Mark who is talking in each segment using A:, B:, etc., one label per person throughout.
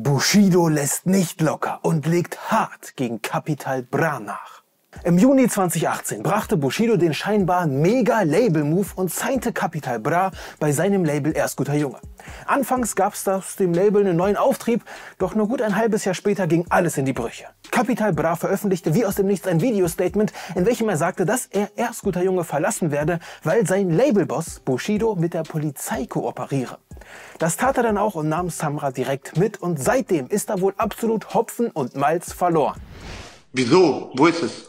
A: Bushido lässt nicht locker und legt hart gegen Kapital Bra nach. Im Juni 2018 brachte Bushido den scheinbar mega Label-Move und signte Capital Bra bei seinem Label Erst guter Junge. Anfangs gab es das dem Label einen neuen Auftrieb, doch nur gut ein halbes Jahr später ging alles in die Brüche. Capital Bra veröffentlichte wie aus dem Nichts ein Video-Statement, in welchem er sagte, dass er Erst guter Junge verlassen werde, weil sein Labelboss Bushido mit der Polizei kooperiere. Das tat er dann auch und nahm Samra direkt mit und seitdem ist er wohl absolut Hopfen und Malz verloren. Wieso? Wo ist es?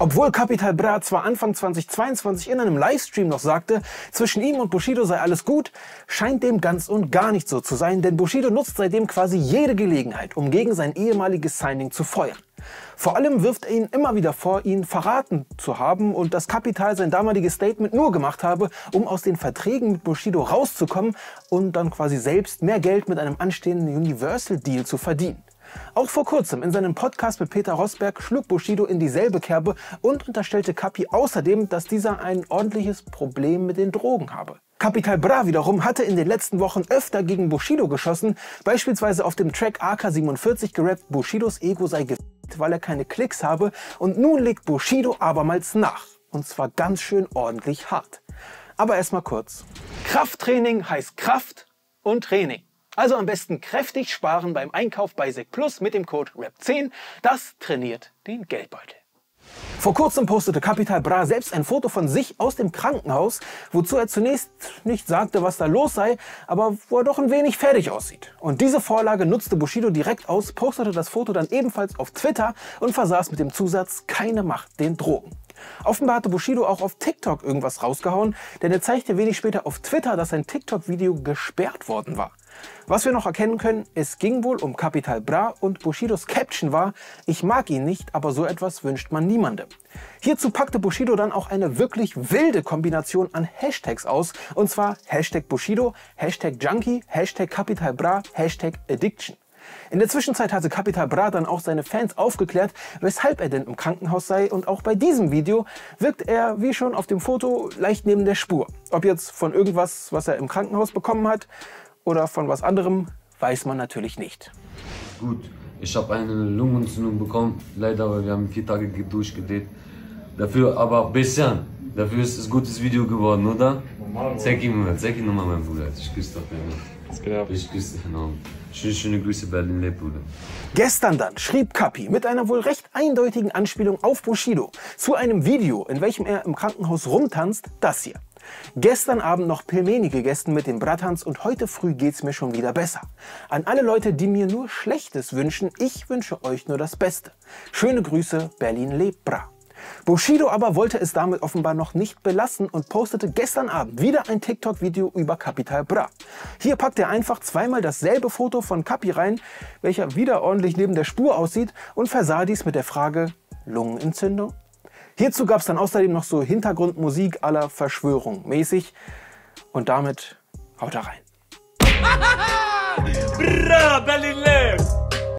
A: Obwohl Capital Bra zwar Anfang 2022 in einem Livestream noch sagte, zwischen ihm und Bushido sei alles gut, scheint dem ganz und gar nicht so zu sein, denn Bushido nutzt seitdem quasi jede Gelegenheit, um gegen sein ehemaliges Signing zu feuern. Vor allem wirft er ihn immer wieder vor, ihn verraten zu haben und dass Capital sein damaliges Statement nur gemacht habe, um aus den Verträgen mit Bushido rauszukommen und dann quasi selbst mehr Geld mit einem anstehenden Universal Deal zu verdienen. Auch vor kurzem in seinem Podcast mit Peter Rosberg schlug Bushido in dieselbe Kerbe und unterstellte Kapi außerdem, dass dieser ein ordentliches Problem mit den Drogen habe. Capital Bra wiederum hatte in den letzten Wochen öfter gegen Bushido geschossen, beispielsweise auf dem Track AK47 gerappt, Bushidos Ego sei gefickt, weil er keine Klicks habe und nun legt Bushido abermals nach. Und zwar ganz schön ordentlich hart. Aber erstmal kurz. Krafttraining heißt Kraft und Training. Also am besten kräftig sparen beim Einkauf bei SEC Plus mit dem Code REP10. Das trainiert den Geldbeutel. Vor kurzem postete Capital Bra selbst ein Foto von sich aus dem Krankenhaus, wozu er zunächst nicht sagte, was da los sei, aber wo er doch ein wenig fertig aussieht. Und diese Vorlage nutzte Bushido direkt aus, postete das Foto dann ebenfalls auf Twitter und versaß mit dem Zusatz keine Macht den Drogen. Offenbar hatte Bushido auch auf TikTok irgendwas rausgehauen, denn er zeigte wenig später auf Twitter, dass sein TikTok-Video gesperrt worden war. Was wir noch erkennen können, es ging wohl um Capital Bra und Bushidos Caption war, ich mag ihn nicht, aber so etwas wünscht man niemandem. Hierzu packte Bushido dann auch eine wirklich wilde Kombination an Hashtags aus, und zwar Hashtag Bushido, Hashtag Junkie, Hashtag Capital Bra, Hashtag Addiction. In der Zwischenzeit hatte Capital Bra dann auch seine Fans aufgeklärt, weshalb er denn im Krankenhaus sei und auch bei diesem Video wirkt er, wie schon auf dem Foto, leicht neben der Spur. Ob jetzt von irgendwas, was er im Krankenhaus bekommen hat, oder von was anderem, weiß man natürlich nicht. Gut, ich habe eine Lungenentzündung bekommen, leider, weil wir haben vier Tage durchgedreht. Dafür aber ein bisschen. Dafür ist es ein gutes Video geworden, oder? Zeig ihm mal, zeig ihm nochmal meinen Bruder. Ich grüße doch den. Was Ich grüße den Namen. Schöne, schöne Grüße, Berlin Leb, Bruder. Gestern dann schrieb Kapi mit einer wohl recht eindeutigen Anspielung auf Bushido zu einem Video, in welchem er im Krankenhaus rumtanzt, das hier. Gestern Abend noch Pelmeni gegessen mit den Bratans und heute früh geht's mir schon wieder besser. An alle Leute, die mir nur Schlechtes wünschen, ich wünsche euch nur das Beste. Schöne Grüße, Berlin Lebra. Bushido aber wollte es damit offenbar noch nicht belassen und postete gestern Abend wieder ein TikTok-Video über Capital Bra. Hier packt er einfach zweimal dasselbe Foto von Capi rein, welcher wieder ordentlich neben der Spur aussieht und versah dies mit der Frage Lungenentzündung? Hierzu gab es dann außerdem noch so Hintergrundmusik aller Verschwörung mäßig und damit haut er rein. Bra, Berlin lebt!